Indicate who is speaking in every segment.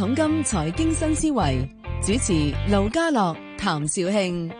Speaker 1: 統金財經新思維主持盧家樂、譚紹興。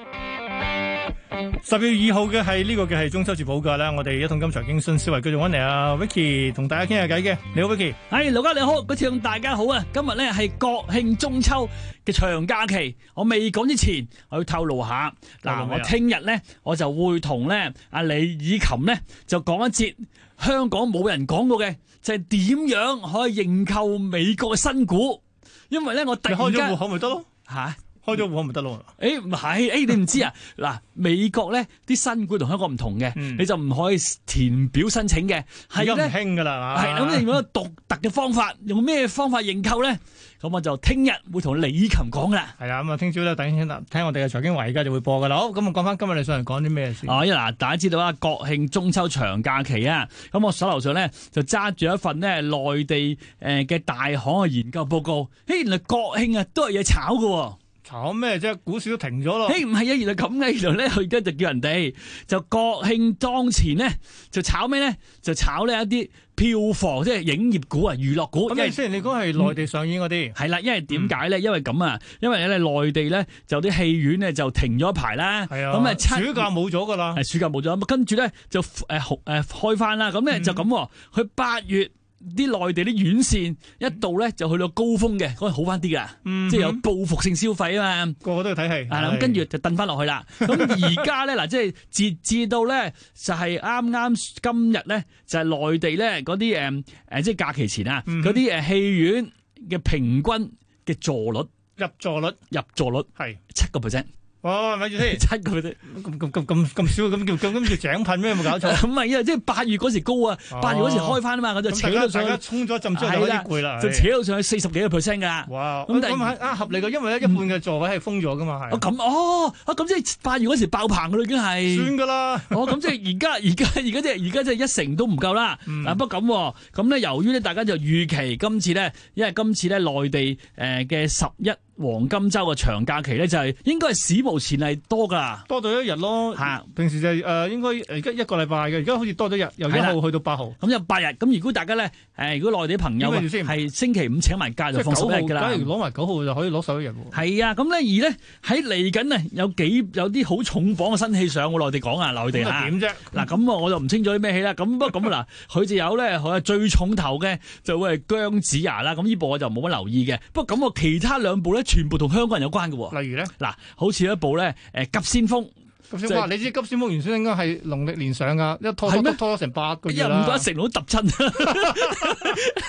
Speaker 2: 十月二號嘅係呢個嘅係中秋節補假啦，我哋一桶金財經新思維繼續揾嚟啊
Speaker 1: ，Vicky 同大家傾下偈嘅。你好，Vicky，係盧家你好，各位朋友大家好啊。今日咧係國慶中秋嘅長假期，我未講之前，我要透露下嗱，我聽日咧我就會同咧阿李以琴咧就講一節香港冇人講過嘅，就係點樣可以認購美國嘅新股。因為咧，我突然你開咗戶口咪得咯，嚇，開咗戶口咪得咯。誒唔係，誒、欸、你唔知啊嗱， 美國，咧啲新股同香港唔同嘅、嗯，你就唔可以填表申請嘅，係咁陰鬱㗎啦，係咁你用個獨特嘅方法， 用咩方法認購咧？咁我就聽日會同李琴講啦。係啊，咁啊，聽朝咧等先啦，聽我哋嘅財經華而家就會播噶啦。好，咁啊，講翻今日你上嚟講啲咩先？哦，一嗱，大家知道啊，國慶中秋長假期啊，咁我手頭上咧就揸住一份咧內地誒嘅大行嘅研究報告，嘿，原來國慶啊都係嘢炒噶啊。炒咩啫？股市都停咗咯。嘿，唔係啊，原來咁嘅，原來咧佢而家就叫人哋就國慶當前咧就炒咩咧？就炒呢就炒一啲票房即係影業股啊，娛樂股。咁即係你講係內地上演嗰啲。係、嗯、啦，因為點解咧？因為咁啊，因為咧內地咧就啲戲院咧就停咗一排啦。係啊。咁啊，暑假冇咗噶啦。係暑假冇咗，咁跟住咧就誒誒、呃呃、開翻啦。咁咧就咁、啊，佢、嗯、八月。啲內地啲院線一到咧就去到高峰嘅，可以好翻啲噶，即係有報復性消費啊嘛，個個都要睇戲。咁跟住就褪翻落去啦。咁而家咧嗱，即係截至到咧就係啱啱今日咧就係內地咧嗰啲即係假期前，嗯、啊嗰啲誒戲院嘅平均嘅座率入座率入座率係七個 percent。哦，咪住先，七咁多，咁咁咁咁少，咁叫咁咁叫井噴咩？有冇搞錯？唔係啊，即係八月嗰時高啊，八月嗰時開翻啊嘛，我就扯到上，沖咗一浸出嗰啲攰，啦，就扯到上去四十幾個 percent 噶啦。哇！咁但係啊合理噶，因為咧一半嘅座位係封咗噶嘛，係。哦咁，哦啊咁即係八月嗰時爆棚噶啦，已經係。算噶啦。哦咁，即係而家而家而家即係而家即係一成都唔夠啦。嗯。啊不過咁，咁咧由於咧大家就預期今次咧，因為今次咧內地誒嘅十一。黃金周嘅長假期咧，就係應該係史無前例多噶，多咗一日咯。嚇，平時就誒、呃、應該而家一個禮拜嘅，而家好似多咗日，由一號去到八號，咁就八日。咁如果大家咧誒，如果內地朋友啊，係星期五請埋假就放十日㗎啦。假如攞埋九號就可以攞十一日喎。係啊，咁咧而呢，喺嚟緊呢，有幾有啲好重磅嘅新戲上，我內地講啊，內地哋嚇。點啫？嗱，咁啊，我就唔清楚啲咩戲啦。咁不過咁啊，嗱，佢就有咧，佢最重頭嘅就會係姜子牙啦。咁呢部我就冇乜留意嘅。不過咁我其他兩部咧。全部同香港人有關嘅喎，例如咧，嗱，好似有一部咧，誒、急先鋒。金、就是、你知急先鋒原先應該係農曆年上噶，一拖拖咗成八個月一五唔怪成龍揼親，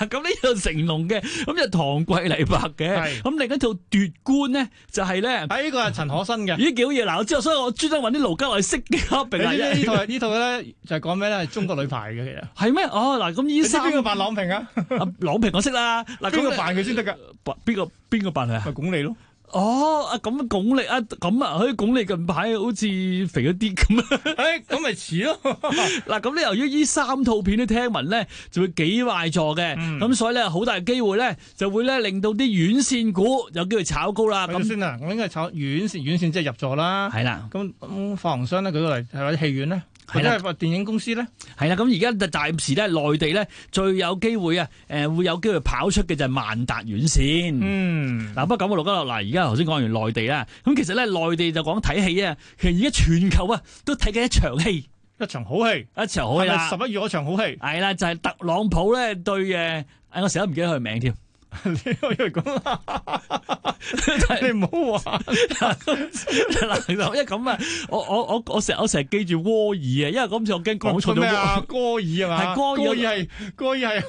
Speaker 1: 咁呢套成龍嘅，咁又唐季禮白嘅，咁另一套奪冠呢，就係、是、咧，喺、這、呢個係陳可辛嘅，咦、嗯，幾好嘢。嗱，我知道所以我專登揾啲盧家我識嘅。你呢呢套,套呢套咧就係講咩咧？中國女排嘅其實係咩？哦，嗱，咁意思邊個扮郎平啊, 啊？郎平我識啦，嗱，邊個扮佢先得噶？邊個邊個扮啊？咪鞏俐咯。哦，啊咁鞏俐啊，咁啊佢鞏俐近排好似肥咗啲咁啊，咁咪似咯。嗱、欸，咁你由於呢三套片都聽聞咧，就會幾壞座嘅，咁、嗯、所以咧好大機會咧就會咧令到啲院線股有機會炒高啦。咁先啦，
Speaker 2: 我應該炒院線，院線即係入座啦。係啦，咁咁發
Speaker 1: 行商咧舉個例，係或者戲院咧。係啦，或電影公司咧，係啦。咁而家就暫時咧，內地咧最有機會啊，誒、呃、會有機會跑出嘅就係萬達院線。嗯，嗱不過講落落啦。嗱，而家頭先講完內地啦，咁其實咧內地就講睇戲啊。其實而家全球啊都睇緊一場戲，一場好戲，一場好戲啦。十一月嗰場好戲。係啦，就係、是、特朗普咧對誒，我成日都唔記得佢名添。 你可以咁，你唔好話嗱，因為咁啊，我我我我成我成日記住戈爾啊，因為今次我驚講錯咗戈
Speaker 2: 爾啊嘛，係戈爾係
Speaker 1: 戈爾係。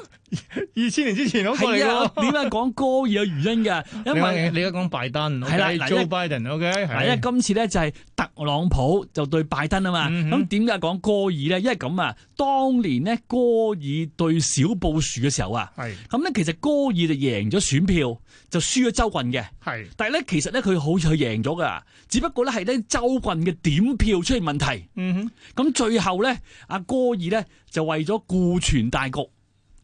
Speaker 1: 二千年之前，好過你點解講戈爾有原因嘅？因為你而家講拜登係啦，Joe Biden，OK，嗱咧、okay, okay, okay, okay, okay, 今次咧就係特朗普就對拜登啊嘛，咁點解講戈爾咧？因為咁啊，當年咧戈爾對小布殊嘅時候啊，咁咧其實戈爾就贏咗選票，就輸咗州郡嘅，係，但係咧其實咧佢好似贏咗噶，只不過咧係咧州郡嘅點票出現問題，嗯哼，咁最後咧阿戈爾咧就為咗顧全大局。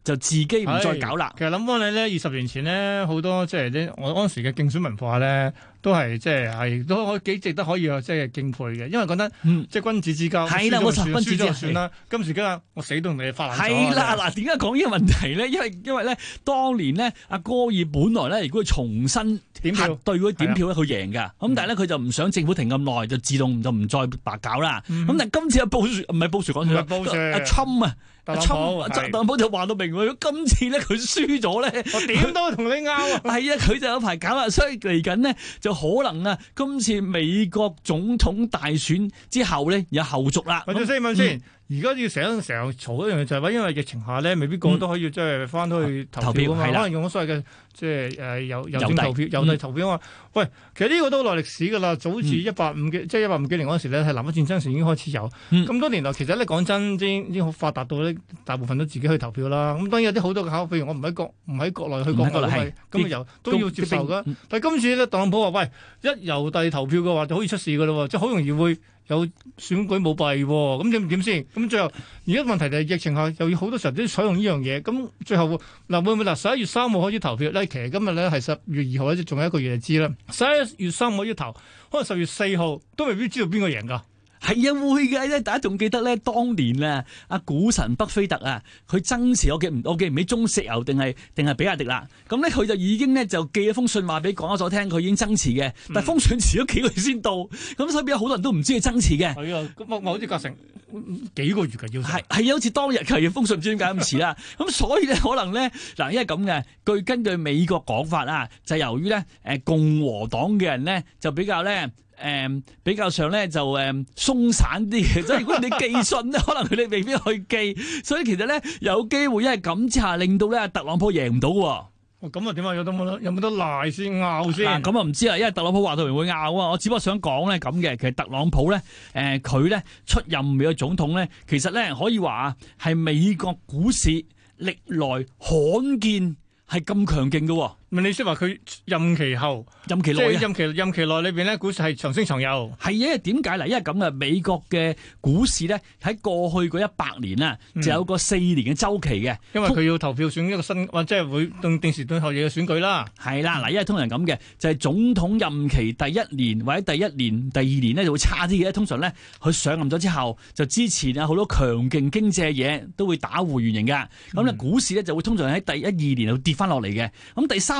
Speaker 1: 就自己唔再搞啦。其實諗翻你呢，二十年前呢，好多即係啲我當時
Speaker 2: 嘅競選文化咧。都係即係，都可幾值得可以即係敬佩嘅，因為覺得
Speaker 1: 即係君子之交。係、嗯、啦，我君子之就算啦。
Speaker 2: 今時今日我死都同你發爛咗。係啦，嗱，
Speaker 1: 點解講呢個問題咧？因為因為咧，當年呢，阿戈爾本來咧，如果佢重新點對佢點票咧，佢贏噶。咁、嗯、但係咧，佢就唔想政府停咁耐，就自動就唔再白搞啦。咁、嗯、但係今次阿、啊、布殊唔係布殊講錯啦，阿侵啊，阿侵，特朗普就話到明，如果今次咧佢輸咗咧，點都同你拗啊？係啊，佢就有排搞啊，所以嚟緊呢。可能啊，今次美國總統大選之後咧，有後續啦。問咗先問先。嗯
Speaker 2: 而家要成成日嘈一樣嘢就係話，因為疫情下咧，未必個個都可以即係翻到去投票啊嘛、嗯，可能用咗所謂嘅即係誒郵郵投票、郵、嗯、遞、嗯、投票啊嘛、嗯。喂，其實呢個都好耐歷史㗎啦，早至一百五幾即係一百五幾年嗰時咧，係南北戰爭時已經開始有。咁多年來，其實咧講真的，已經好經發達到大部分都自己去投票啦。咁當然有啲好多嘅考，譬如我唔喺國唔喺國內去國外，咁啊又都要接受㗎。但係今次咧，特朗普話喂，一郵遞投票嘅話就可以出事㗎啦，即係好容易會。有選舉舞弊、哦，咁你點先？咁、嗯嗯嗯嗯嗯、最後而家問題就係疫情下又要好多時候都採用呢樣嘢，咁、嗯、最後嗱會唔會嗱十一月三號開始投票？咧其實今日呢咧係十月二號，仲
Speaker 1: 有一個月就知啦。十一月三號一投，可能十月四號都未必知道邊個贏㗎。係啊，會嘅咧！大家仲記得咧，當年啊，阿股神巴菲特啊，佢增持我記唔我記唔起中石油定係定係比亞迪啦。咁咧，佢就已經咧就寄咗封信話俾港交所聽，佢已經增持嘅。但係封信遲咗幾個月先到，咁所以邊有好多人都唔知佢增持嘅。佢、嗯、啊，咁我我好似隔成幾個月嘅要係係好似當日其實封信唔知點解咁遲啦？咁所以咧，可能咧，嗱，因為咁嘅，據根據美國講法啊，就係、由於咧，誒，共和黨嘅人咧就比較咧。誒，比較上咧就誒鬆散啲，所以如果你寄信咧，可能佢哋未必去寄，所以其實咧有機會，一係咁之下，令到咧特朗普贏唔到。咁啊，點啊有得冇得有冇得賴先拗？先？咁啊唔知啊，因為特朗普話到人會拗啊，我只不過想講咧咁嘅。其實特朗普咧，誒佢咧出任美國總統咧，其實咧可以話係美國股市歷來罕見係咁強勁嘅。你先話佢任期後，任期內，即任期，任期內裏邊呢，股市係長升長有係嘅。點解呢？因為咁啊，美國嘅股市呢，喺過去嗰一百年啊，就有個四年嘅週期嘅。因為佢要投票選一個新，即係會定時定候嘅選舉啦。係啦，嗱，因為通常咁嘅，就係、是、總統任期第一年或者第一年、第二年呢就會差啲嘅。通常呢，佢上任咗之後，就之前啊好多強勁經濟嘅嘢都會打回原形嘅。咁、嗯、呢股市呢就會通常喺第一二年就跌翻落嚟嘅。咁第三。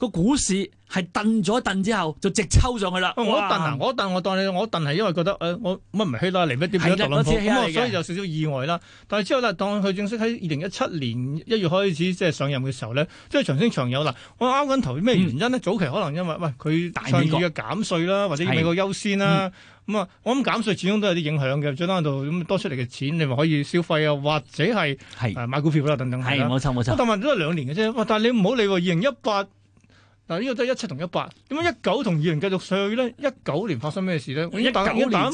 Speaker 1: 個股市係頓咗一頓之後就直抽上去啦。我頓啊，我
Speaker 2: 頓我，我當你我頓係因為覺得誒、呃，
Speaker 1: 我乜唔係希拉里乜啲嘅特朗普咁啊，所以就有
Speaker 2: 少少意外啦。但係之後咧，當佢正式喺二零一七年一月開始即係上任嘅時候咧，即係長升長有啦，我啱緊頭咩原因、嗯、呢？早期可能因為喂佢上月嘅減稅啦，或者美國優先啦咁啊，我諗減稅始終都有啲影響嘅，最翻到咁多出嚟嘅錢，你咪可以消費啊，或者係係買股票啦等等，冇錯冇錯，但係咗係兩年嘅啫。但係你唔好理喎，二零一八。嗱，呢個都係一七同一八，點解一九同二零繼續上
Speaker 1: 去咧？一九年發生咩事咧？一九年就打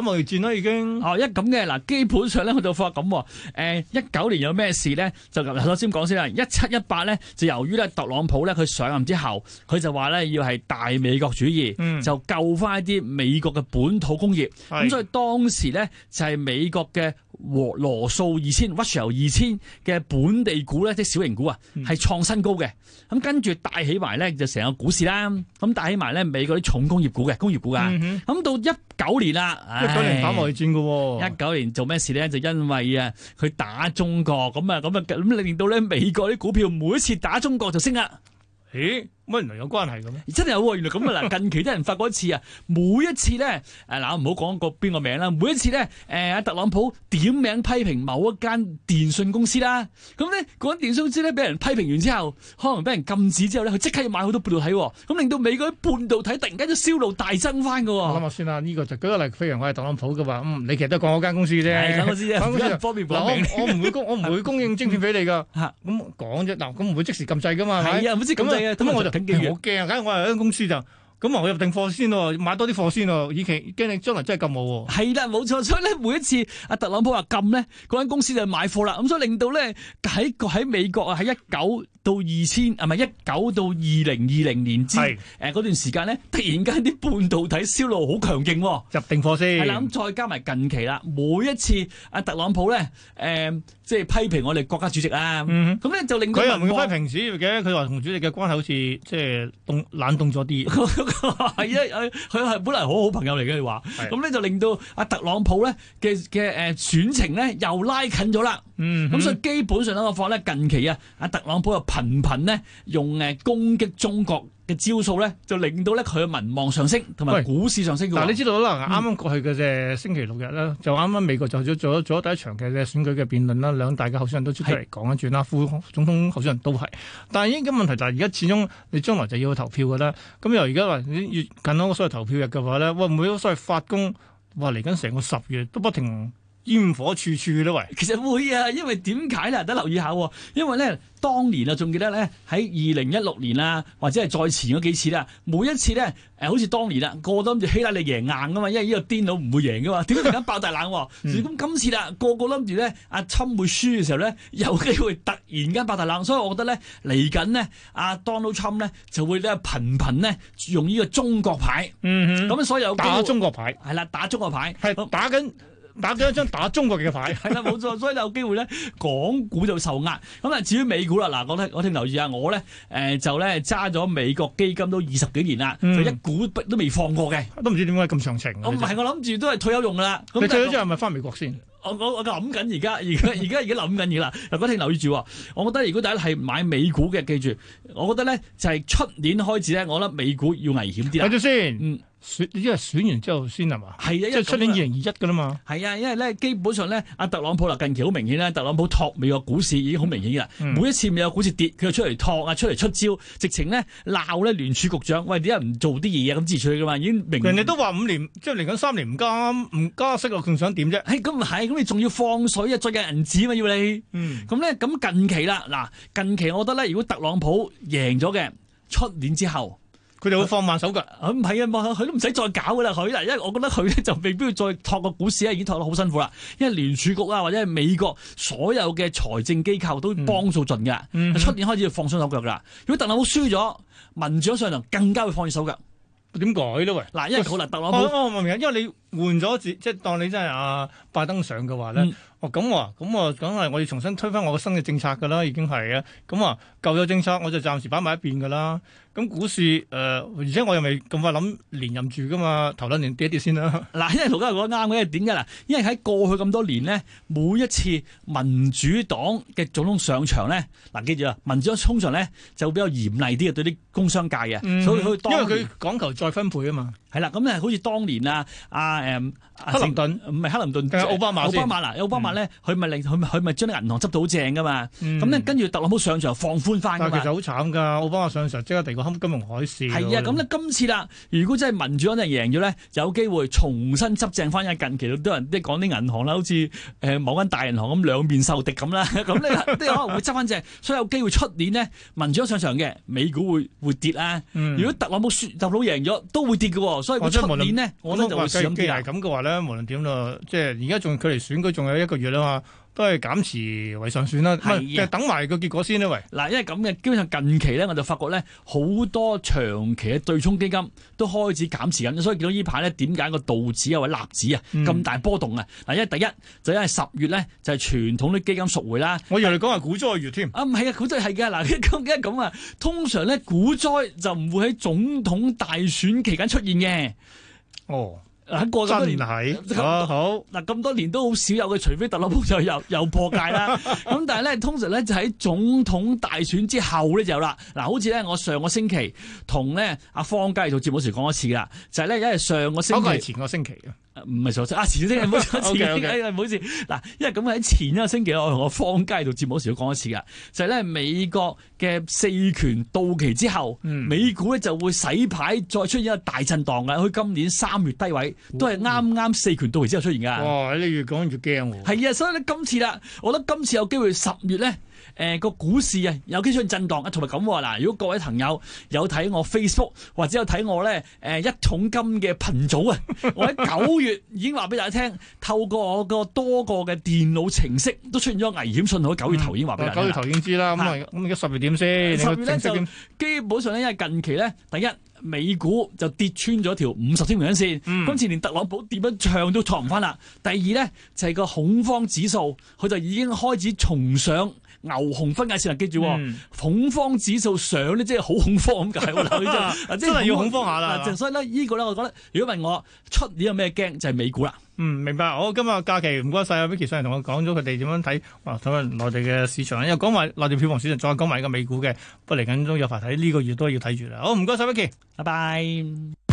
Speaker 1: 貿易戰啦，已經。哦，一咁嘅嗱，基本上咧佢就發咁，誒一九年有咩事咧？就嗱，頭先講先啦，一七一八咧就由於咧特朗普咧佢上任之後，佢就話咧要係大美國主義，就救翻一啲美國嘅本土工業。咁所以當時咧就係美國嘅羅素二千、Russell 二千嘅本地股咧，即係小型股啊，係創新高嘅。咁跟住帶起埋咧。就成個股市啦，咁帶起埋咧美國啲重工業股嘅工業股啊，咁、嗯、到一九年啦，一九年反外轉噶，哎、一九年做咩事咧？就因為啊，佢打中國，咁啊，咁啊，咁令到咧美國啲股票每一次打中國就升啦，咦？乜原來有關係嘅咩？真係有喎、啊，原來咁啊嗱！ 近期都有人發過一次啊，每一次咧，誒、呃、嗱，唔好講個邊個名啦，每一次咧，誒、呃，特朗普點名批評某一間電信公司啦，咁咧講電信公司咧，俾人批評完之後，可能俾人禁止之後咧，佢即刻要買好多半導體、哦，咁、嗯、令到美國啲半導體突然間就銷路大增翻噶、哦。諗下先啦，
Speaker 2: 呢、這個就舉個例，譬如我係特朗普噶嘛、嗯，你其實都講嗰間公司啫。咁我唔 會，會供 我唔會供應晶片俾你噶。吓咁講啫，嗱，咁唔會即時禁制噶嘛，係啊，唔、啊啊、知禁制嘅。咁我就。 好驚啊！梗係我係間公司就咁啊，我入定貨
Speaker 1: 先咯，買多啲貨先咯，預期驚你將來真係禁我。係啦，冇錯，所以咧每一次阿特朗普話禁咧，嗰間公司就買貨啦。咁所以令到咧喺個喺美國啊，喺一九到二千，唔係一九到二零二零年之誒嗰段時間咧，突然間啲半導體銷路好強勁，入定貨先。係啦，咁再加埋近期啦，每一次阿特朗普咧誒。即、就、係、是、批評我哋國家主席啦、啊，咁、嗯、咧就令佢又唔批評主席嘅，佢話同主席嘅關係好似即係凍冷凍咗啲，係因佢係本來好好朋友嚟嘅話，咁咧就令到阿特朗普咧嘅嘅誒選情咧又拉近咗啦，咁、嗯、所以基本上呢我覺得，近期啊阿特朗普又頻頻呢用攻擊中國。嘅招數咧，就令到咧佢民望上升，同埋股市上升。嗱，但你知道啦，啱、嗯、
Speaker 2: 啱過去嘅星期六日啦，就啱啱美國就做咗咗第一場嘅選舉嘅辯論啦，兩大嘅候選人都出嚟講一轉啦，副總統候選人都係。但係已經咁問題就係而家始終你將來就要去投票噶啦，咁又而家越近到個所謂投票日嘅話咧，哇！會唔會所謂發工話嚟緊成個十月都不停。煙
Speaker 1: 火處處都喂！其實會啊，因為點解咧？得留意下、啊，因為咧當年啊，仲記得咧喺二零一六年啊，或者係再前嗰幾次啦、啊。每一次咧，誒，好似當年啦、啊，個個諗住希拉里贏硬噶嘛，因為呢個癲佬唔會贏噶嘛。點解突然間爆大冷、啊？咁、 嗯、今次啦、啊，個個諗住咧，阿、啊、侵會輸嘅時候咧，有機會突然間爆大冷。所以我覺得咧，嚟緊呢，阿 Donald Trump 咧就會咧頻頻呢，用呢個中國牌。嗯。咁所以有、嗰個、打中國牌係啦，打中國牌係打緊。啊打緊打咗一張打中國嘅牌， 係啦冇錯，所以有機會咧，港股就受壓。咁啊，至於美股啦，嗱，我咧我聽留意啊，我咧誒、呃、就咧揸咗美國基金都二十幾年啦、嗯，就一股都未放過嘅，都唔知點解咁長情。哦，唔係，我諗住都係退休用噶啦。你退休之後咪翻美國先？我我我諗緊而家而家而家已經諗緊噶啦。 我聽留意住，我覺得如果第一係買美股嘅，記住，我覺得咧就係、是、出年開始咧，我覺得美股要危險啲啦。睇住先。嗯選因為選完之後先係嘛，啊，因為出年二零二一噶啦嘛，係啊，因為咧、就是啊、基本上咧，阿特朗普啦近期好明顯咧，特朗普托美國股市已經好明顯啦、嗯嗯，每一次咪有股市跌，佢就出嚟托啊，出嚟出招，直情咧鬧咧聯儲局長，喂為不點解唔做啲嘢啊？咁支持佢噶嘛，已經明，明人哋都話五年即係嚟緊三年唔加唔加息啊，仲想點啫？嘿咁唔係，咁你仲要放水啊，再印銀紙嘛要你，嗯，咁咧咁近期啦，嗱近期我覺得咧，如果特朗普贏咗嘅出年之後。佢哋會放慢手腳，唔係啊，佢、啊、都唔使再搞噶啦，佢啦因為我覺得佢咧就未必要再托個股市，已經托得好辛苦啦。因為聯儲局啊，或者係美國所有嘅財政機構都幫到盡㗎。出、嗯、年開始就放鬆手腳啦、嗯。如果特朗普輸咗，民主上台更加會放軟手腳，點改都喂，嗱，因為好難。特朗普哦，我
Speaker 2: 明啊，因為你換咗即係當你真係啊拜登上嘅話咧，咁、嗯哦、啊，咁啊，梗係、啊、我要重新推翻我嘅新嘅政策噶啦，已經係啊，咁啊。救咗政策，我就暫時擺埋一邊噶啦。咁股市誒、呃，而且我又未咁快諗連
Speaker 1: 任住噶嘛，頭兩年跌一跌先啦。嗱、啊，因為盧嘉慧講得啱嘅，因為點嘅啦？因為喺過去咁多年呢，每一次民主黨嘅總統上場呢，嗱、啊、記住啊，民主黨通常呢就會比較嚴厲啲嘅對啲工商界嘅、嗯，所以佢因為佢講求再分配啊嘛。係啦，咁咧好似當年啊，阿誒克林頓唔係克林頓，奧巴馬先。奧巴馬嗱，奧巴馬呢，佢咪令佢佢咪將啲銀行執到好正噶嘛？咁、嗯、呢，跟住特朗普上場放寬。但其實佢好慘噶，我幫我上場即刻跌過金融海嘯。係啊，咁、嗯、咧今次啦，如果真係民主黨真贏咗咧，有機會重新執正翻。因近期都多人即係講啲銀行啦，好似誒、呃、某間大銀行咁兩面受敵咁啦，咁 你都可能會執翻正，所以有機會出年呢，民主黨上場嘅美股會會跌啦、嗯。如果特朗普輸，特朗普贏咗都會跌嘅，所以出年呢，就是、我咧就會想咁跌
Speaker 2: 啊。咁嘅話咧，無論點啦，即係而家仲距離選舉仲有
Speaker 1: 一個月啊嘛。嗯都係減持為上算啦，其、啊、等埋個結果先啦，喂！嗱，因為咁嘅基本上近期咧，我就發覺咧好多長期嘅對沖基金都開始減持緊，所以見到呢排咧點解個道指啊或納指啊咁、嗯、大波動啊？嗱，一第一就因為十月咧就係、是、傳統啲基金贖回啦。我以為你講係股災月添。啊唔係啊，股災係㗎，嗱，一咁一咁啊，通常咧股災就唔會喺總統大選期間出現嘅。哦。喺過咗年係、哦，好嗱咁多年都好少有嘅，除非特朗普又又又破戒啦。咁 但係咧，通常咧就喺總統大選之後咧就有啦。嗱，好似咧我上個星期同咧阿方佳做節目時講一次啦，就係、是、咧，因為上個星期前個星期。唔係錯錯啊！前星期唔好，前星期唔好意思，嗱，因為咁喺前一個星期，我同我方喺度節目嗰時都講一次噶，就係、是、咧美國嘅四權到期之後，美股咧就會洗牌，再出現一個大震盪噶。佢今年三月低位都係啱啱四權到期之後出現噶。哇！你越講越驚喎、啊。係啊，所以咧今次啦，我覺得今次有機會十月咧。誒、呃，個股市啊，有啲出震盪啊，同埋咁嗱。如果各位朋友有睇我 Facebook，或者有睇我咧，誒、呃，一重金嘅頻組啊，我喺九月已經話俾大家聽， 透過我個多個嘅電腦程式都出現咗危險信號。九月頭已經話俾大家、嗯嗯，九月頭已經知啦。咁、嗯、啊，咁而家十月點先？十月咧就基本上咧，因為近期咧，第一美股就跌穿咗條五十天平均線，嗯，今次連特朗普點樣唱都托唔翻啦。第二咧就係、是、個恐慌指數，佢就已經開始重上。牛熊分界綫，記住、哦嗯、數恐慌指數上呢， 即係好恐慌咁解啦，即係真係要恐慌下啦、嗯。所以呢，呢個呢，我覺得如果問我出年有咩驚，就係、是、美股啦。嗯，明白。好，今日假期唔該晒啊 Vicky
Speaker 2: 上嚟，同我講咗佢哋點樣睇哇，睇下內地嘅市場，又講埋內地票房市場，再講埋個美股嘅。不過嚟緊仲有排睇，呢個月都要睇住啦。好，唔該晒 Vicky 拜拜。Vicky bye bye。